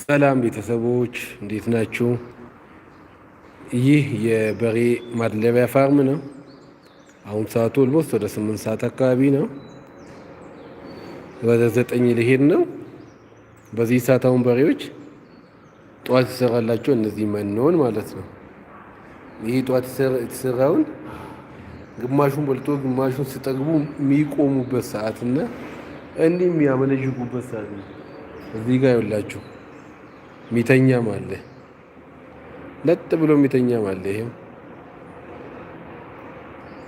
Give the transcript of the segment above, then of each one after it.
ሰላም ቤተሰቦች እንዴት ናችሁ? ይህ የበሬ ማድለቢያ ፋርም ነው። አሁን ሰዓቱ ኦልሞስት ወደ ስምንት ሰዓት አካባቢ ነው። ወደ ዘጠኝ ሊሄድ ነው። በዚህ ሰዓት አሁን በሬዎች ጠዋት ይሰራላቸው እነዚህ መኖን ማለት ነው። ይህ ጠዋት የተሰራውን ግማሹን በልቶ ግማሹን ሲጠግቡ የሚቆሙበት ሰዓት እንዲህ የሚያመነዥጉበት ሰዓት ነው። እዚህ ጋር ይውላችሁ ሚተኛም አለ፣ ለጥ ብሎ ሚተኛም አለ። ይሄም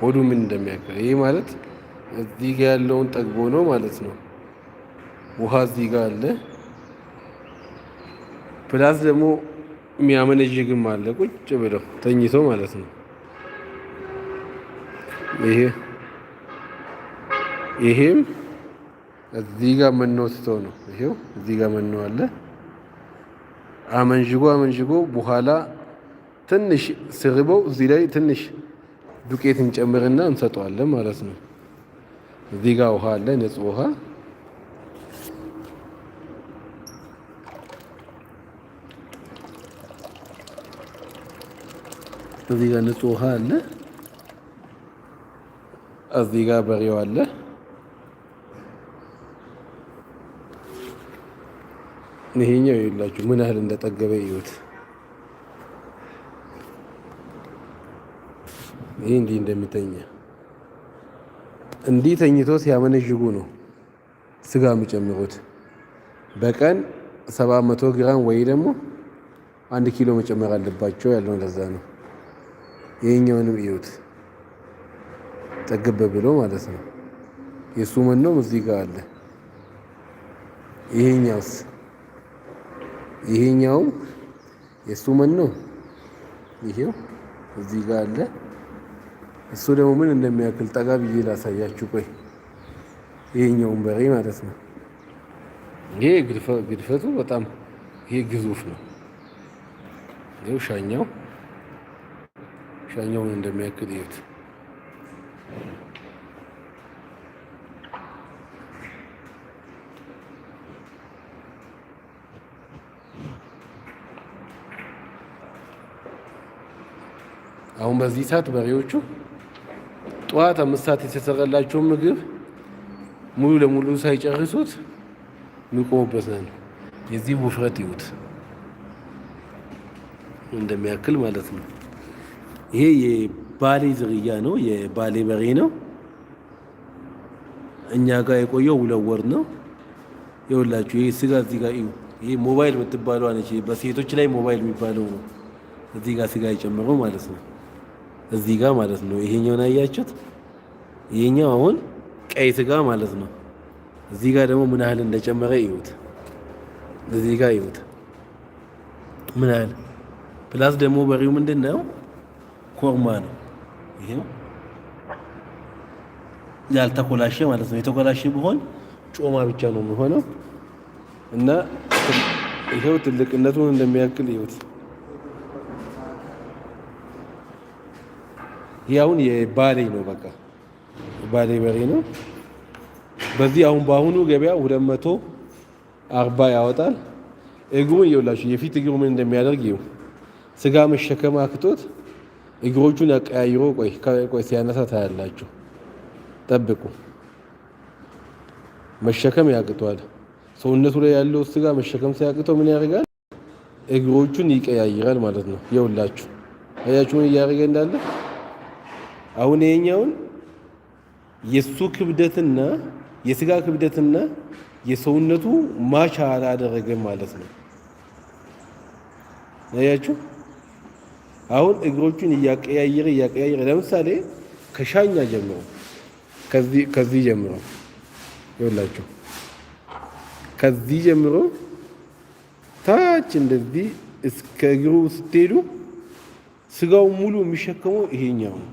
ሆዱ ምን እንደሚያክል ይሄ ማለት እዚህ ጋ ያለውን ጠግቦ ነው ማለት ነው። ውሃ እዚህ ጋ አለ፣ ፕላስ ደግሞ የሚያመነዥግም አለ፣ ቁጭ ብለው ተኝቶ ማለት ነው። ይሄ ይሄም እዚህ ጋር መኖ ትቶ ነው። ይሄው እዚህ ጋር መኖ አለ። አመንዥጎ አመንዥጎ በኋላ ትንሽ ስርበው እዚህ ላይ ትንሽ ዱቄት እንጨምርና እንሰጠዋለን ማለት ነው። እዚህ ጋር ውሃ አለ፣ ንጹህ ውሃ እዚህ ጋር ንጹህ ውሃ አለ። እዚህ ጋር በሬው አለ። ይሄኛው ይላችሁ ምን ያህል እንደጠገበ ይዩት። ይህ እንዲህ እንደሚተኛ እንዲህ ተኝቶ ሲያመነዥጉ ነው ስጋ የሚጨምሩት። በቀን ሰባ መቶ ግራም ወይ ደግሞ አንድ ኪሎ መጨመር አለባቸው ያለው ለዛ ነው። ይሄኛውንም እዩት ጠገበ ብሎ ማለት ነው። የእሱ መኖም እዚህ ጋር አለ። ይሄኛውስ ይሄኛው የእሱ ምን ነው? ይሄው እዚህ ጋር አለ። እሱ ደግሞ ምን እንደሚያክል ጠጋ ብዬ ላሳያችሁ። ቆይ ይሄኛውን በሬ ማለት ነው። ይሄ ግድፈቱ በጣም ይሄ ግዙፍ ነው። ይሄው ሻኛው ሻኛውን እንደሚያክል ይሄት አሁን በዚህ ሰዓት በሬዎቹ ጠዋት አምስት ሰዓት የተሰራላቸውን ምግብ ሙሉ ለሙሉ ሳይጨርሱት የሚቆሙበት ነው። የዚህ ውፍረት ይዩት እንደሚያክል ማለት ነው። ይሄ የባሌ ዝርያ ነው፣ የባሌ በሬ ነው። እኛ ጋር የቆየው ውለወር ነው። ይኸውላችሁ ይሄ ስጋ እዚህ ጋር እዩ። ይሄ ሞባይል የምትባለው አነች፣ በሴቶች ላይ ሞባይል የሚባለው ነው። እዚህ ጋር ስጋ የጨመረው ማለት ነው። እዚህ ጋር ማለት ነው። ይሄኛውን አያችሁት? ይሄኛው አሁን ቀይ ስጋ ማለት ነው። እዚህ ጋር ደግሞ ምን ያህል እንደጨመረ ይዩት። እዚህ ጋር ይዩት ምን ያህል ፕላስ ደግሞ በሬው ምንድን ነው? ኮርማ ነው። ይሄው ያልተኮላሸ ማለት ነው። የተኮላሸ ቢሆን ጮማ ብቻ ነው የሚሆነው እና ይሄው ትልቅነቱን እንደሚያክል ይዩት። ይህ አሁን የባሌ ነው። በቃ ባሌ በሬ ነው። በዚህ አሁን በአሁኑ ገበያ ሁለት መቶ አርባ ያወጣል። እግሩን ይውላችሁ፣ የፊት እግሩ ምን እንደሚያደርግ ይው ስጋ መሸከም አክቶት እግሮቹን አቀያይሮ ቆይ ቆይ ሲያነሳ ታያላችሁ። ጠብቁ፣ መሸከም ያቅቷል። ሰውነቱ ላይ ያለው ስጋ መሸከም ሲያቅተው ምን ያደርጋል? እግሮቹን ይቀያይራል ማለት ነው። የውላችሁ አያችሁ ምን እያደረገ እንዳለ አሁን ይሄኛውን የሱ ክብደትና የስጋ ክብደትና የሰውነቱ ማቻ አላደረገም ማለት ነው። ያያችሁ አሁን እግሮቹን እያቀያየረ እያቀያየረ ለምሳሌ ከሻኛ ጀምሮ ከዚህ ጀምሮ ይውላችሁ ከዚህ ጀምሮ ታች እንደዚህ እስከ እግሩ ስትሄዱ ስጋው ሙሉ የሚሸከመው ይሄኛው ነው።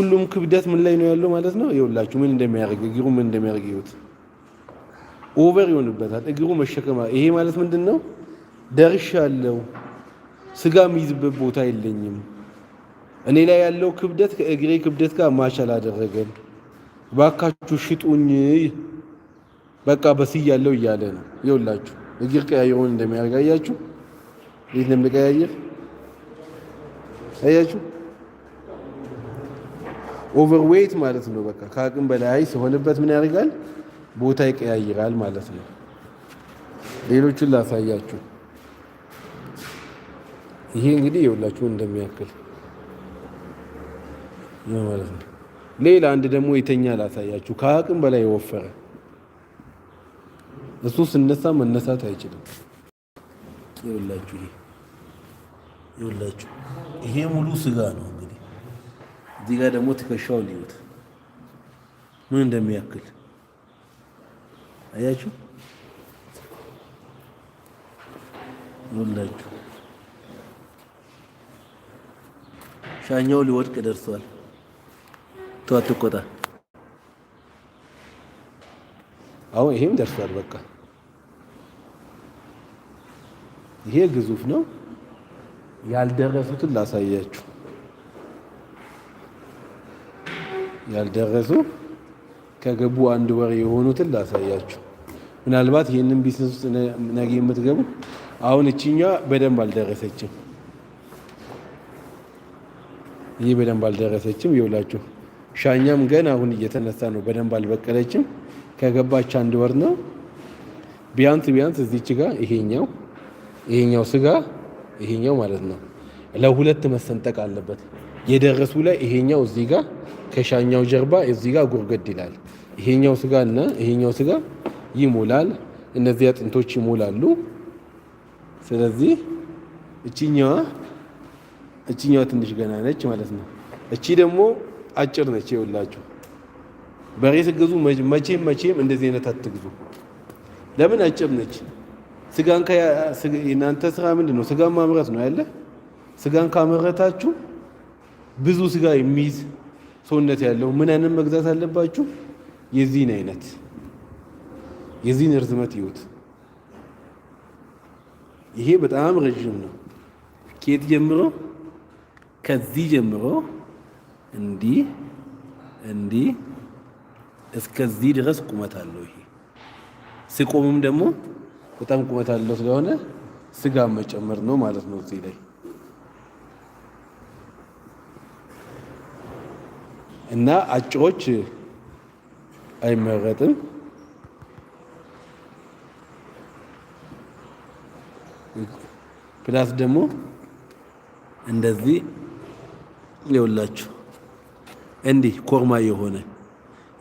ሁሉም ክብደት ምን ላይ ነው ያለው ማለት ነው። ይኸውላችሁ ምን እንደሚያደርግ እግሩ ምን እንደሚያደርግ ይሁት ኦቨር ይሆንበታል እግሩ መሸከማ። ይሄ ማለት ምንድን ነው? ደርሻለሁ፣ ስጋ የሚይዝበት ቦታ የለኝም። እኔ ላይ ያለው ክብደት ከእግሬ ክብደት ጋር ማች አላደረገም። ባካችሁ ሽጡኝ፣ በቃ በስያለሁ እያለ ነው። ይኸውላችሁ እግር ቀያየሩን እንደሚያደርግ አያችሁ፣ ቤት እንደሚቀያየር አያችሁ። ኦቨርዌይት ማለት ነው። በቃ ከአቅም በላይ ሲሆንበት ምን ያደርጋል? ቦታ ይቀያይራል ማለት ነው። ሌሎቹን ላሳያችሁ። ይሄ እንግዲህ የሁላችሁ እንደሚያክል ማለት ነው። ሌላ አንድ ደግሞ የተኛ ላሳያችሁ። ከአቅም በላይ የወፈረ እሱ ስነሳ መነሳት አይችልም። ይኸውላችሁ ይሄ ሙሉ ስጋ ነው። እዚህ ጋር ደግሞ ትከሻውን ይዩት፣ ምን እንደሚያክል አያችሁ። ወላችሁ ሻኛው ሊወድቅ ደርሷል። አትቆጣ። አሁን ይሄም ደርሷል። በቃ ይሄ ግዙፍ ነው። ያልደረሱትን ላሳያችሁ። ያልደረሱ ከገቡ አንድ ወር የሆኑትን ላሳያችሁ። ምናልባት ይህንን ቢዝነስ ውስጥ ነገ የምትገቡ አሁን እችኛ በደንብ አልደረሰችም። ይህ በደንብ አልደረሰችም። ይውላችሁ ሻኛም ገና አሁን እየተነሳ ነው። በደንብ አልበቀለችም። ከገባች አንድ ወር ነው። ቢያንስ ቢያንስ እዚች ጋ ይሄኛው ይሄኛው ስጋ ይሄኛው ማለት ነው ለሁለት መሰንጠቅ አለበት። የደረሱ ላይ ይሄኛው እዚህ ጋር ከሻኛው ጀርባ እዚህ ጋር ጉርገድ ይላል። ይሄኛው ስጋ እና ይሄኛው ስጋ ይሞላል። እነዚህ አጥንቶች ይሞላሉ። ስለዚህ እችኛዋ እችኛዋ ትንሽ ገና ነች ማለት ነው። እቺ ደግሞ አጭር ነች። ይኸውላችሁ በሬ ስገዙ መቼም መቼም እንደዚህ አይነት አትግዙ። ለምን አጭር ነች። ስጋን እናንተ ስራ ምንድን ነው? ስጋን ማምረት ነው ያለ። ስጋን ካመረታችሁ ብዙ ስጋ የሚይዝ ሰውነት ያለው ምን አይነት መግዛት አለባችሁ? የዚህን አይነት የዚህን እርዝመት ይዩት። ይሄ በጣም ረዥም ነው። ኬት ጀምሮ ከዚህ ጀምሮ እንዲህ እንዲህ እስከዚህ ድረስ ቁመት አለው። ይሄ ሲቆምም ደግሞ በጣም ቁመት አለው ስለሆነ ስጋ መጨመር ነው ማለት ነው እዚህ ላይ እና አጭሮች አይመረጥም። ፕላስ ደግሞ እንደዚህ ይውላችሁ እንዲህ ኮርማ የሆነ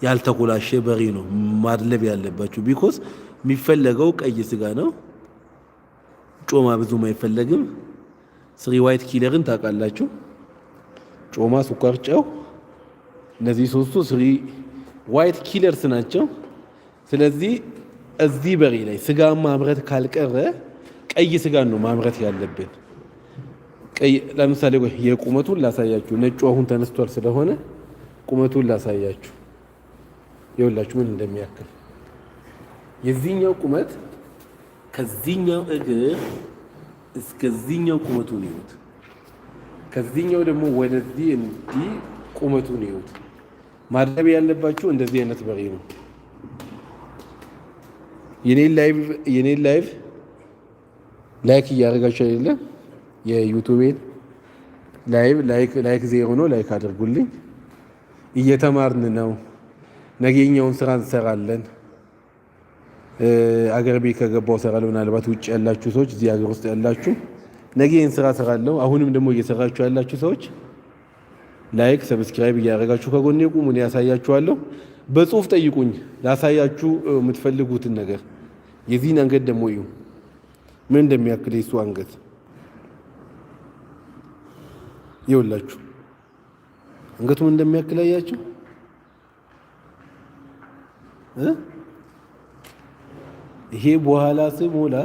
ያልተኮላሸ በሪ ነው ማድለብ ያለባችሁ። ቢኮስ የሚፈለገው ቀይ ስጋ ነው። ጮማ ብዙም አይፈለግም። ስሪ ዋይት ኪለርን ታውቃላችሁ። ጮማ፣ ስኳር፣ ጨው እነዚህ ሶስቱ ስሪ ዋይት ኪለርስ ናቸው። ስለዚህ እዚህ በሬ ላይ ስጋ ማምረት ካልቀረ ቀይ ስጋ ነው ማምረት ያለብን። ለምሳሌ የቁመቱን ላሳያችሁ። ነጩ አሁን ተነስቷል ስለሆነ ቁመቱን ላሳያችሁ። የሁላችሁ ምን እንደሚያክል የዚህኛው ቁመት ከዚህኛው እግር እስከዚህኛው ቁመቱን ይዩት። ከዚህኛው ደግሞ ወደዚህ እንዲህ ቁመቱን ይዩት። ማድረብ ያለባችሁ እንደዚህ አይነት በሬ ነው። የኔ ላይቭ ላይክ እያደረጋችሁ አይደለ? የዩቱቤን ላይቭ ላይክ ዜሮ ነው። ላይክ አድርጉልኝ። እየተማርን ነው። ነገኛውን ስራ እንሰራለን። አገር ቤት ከገባው እሰራለሁ። ምናልባት ውጭ ያላችሁ ሰዎች፣ እዚህ ሀገር ውስጥ ያላችሁ ነገን ስራ እሰራለሁ። አሁንም ደግሞ እየሰራችሁ ያላችሁ ሰዎች ላይክ ሰብስክራይብ እያደረጋችሁ ከጎኔ ቁሙ፣ እኔ ያሳያችኋለሁ። በጽሁፍ ጠይቁኝ ላሳያችሁ የምትፈልጉትን ነገር። የዚህን አንገት ደግሞ እዩ ምን እንደሚያክል የሱ አንገት ይውላችሁ። አንገቱ ምን እንደሚያክል አያችሁ? ይሄ በኋላ ስሞላ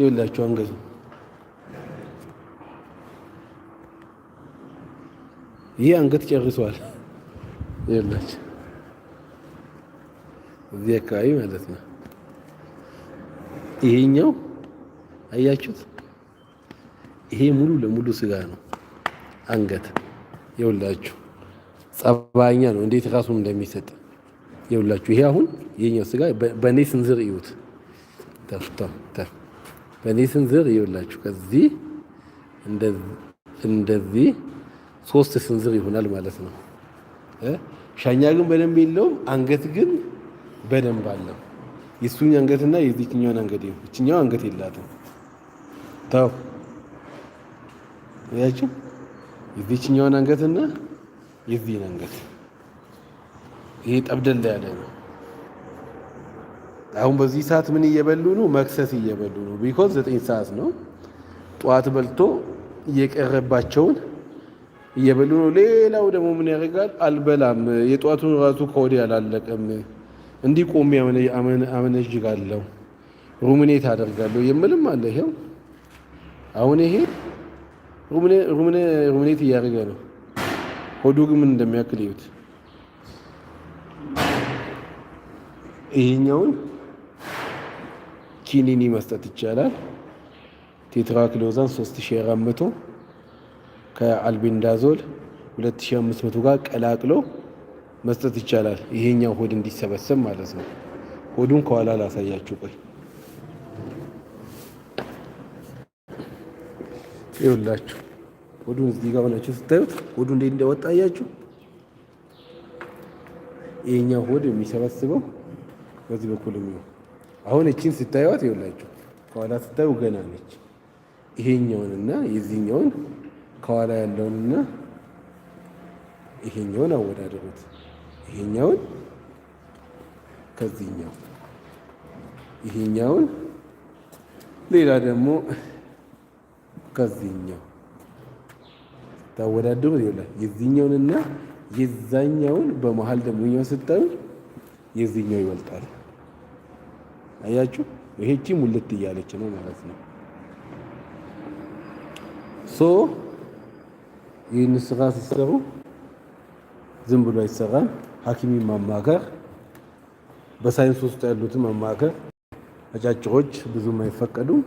ይውላችሁ አንገቱ ይህ አንገት ጨርሷል። ይላች እዚህ አካባቢ ማለት ነው። ይሄኛው አያችሁት? ይሄ ሙሉ ለሙሉ ስጋ ነው። አንገት የውላችሁ ጸባኛ ነው። እንዴት ራሱ እንደሚሰጥ የውላችሁ። ይሄ አሁን ይሄኛው ስጋ በእኔ ስንዝር እዩት። በእኔ ስንዝር ይውላችሁ ከዚህ እንደዚህ ሶስት ስንዝር ይሆናል ማለት ነው። ሻኛ ግን በደንብ የለውም። አንገት ግን በደንብ አለው። የሱኝ አንገትና የዚህኛውን አንገት ይሁን ይችኛው አንገት የላትም። ታው ያችሁ የዚህኛውን አንገትና የዚህን አንገት ይሄ ጠብደል ያለ ነው። አሁን በዚህ ሰዓት ምን እየበሉ ነው? መክሰስ እየበሉ ነው። ቢኮዝ ዘጠኝ ሰዓት ነው። ጠዋት በልቶ እየቀረባቸውን እየበሉ ነው። ሌላው ደግሞ ምን ያደርጋል? አልበላም፣ የጧቱን ራሱ ከወዲህ አላለቀም፣ እንዲህ ቆሜ አመነዥጋለሁ፣ ሩምኔት አደርጋለሁ የምልም አለ። ይሄው አሁን ይሄ ሩምኔት እያደረገ ነው። ሆዱ ግን ምን እንደሚያክል ይዩት። ይሄኛውን ኪኒኒ መስጠት ይቻላል። ቴትራክሎዛን 3400 ከአልቤንዳዞል 2500 ጋር ቀላቅሎ መስጠት ይቻላል። ይሄኛው ሆድ እንዲሰበሰብ ማለት ነው። ሆዱን ከኋላ ላሳያችሁ። ቆይ ይኸውላችሁ፣ ሆዱን እዚህ ጋር ሆናችሁ ስታዩት ሆዱ እንዴት እንደወጣ አያችሁ። ይሄኛው ሆድ የሚሰበስበው በዚህ በኩል ነው። አሁን እቺን ስታዩት ይኸውላችሁ፣ ከኋላ ስታዩ ገና ነች። ይሄኛውንና የዚህኛውን ከኋላ ያለውንና ይሄኛውን አወዳደሩት። ይሄኛውን ከዚህኛው ይሄኛውን ሌላ ደግሞ ከዚህኛው ታወዳድሩ ይላ የዚህኛውንና የዛኛውን በመሀል ደግሞ ኛው ስታዩ የዚህኛው ይበልጣል። አያችሁ፣ ይሄቺ ሙልት እያለች ነው ማለት ነው ሶ ይህን ስራ ሲሰሩ ዝም ብሎ አይሰራም። ሐኪሚን ማማከር፣ በሳይንስ ውስጥ ያሉትን ማማከር፣ አጫጭሮች ብዙም አይፈቀዱም።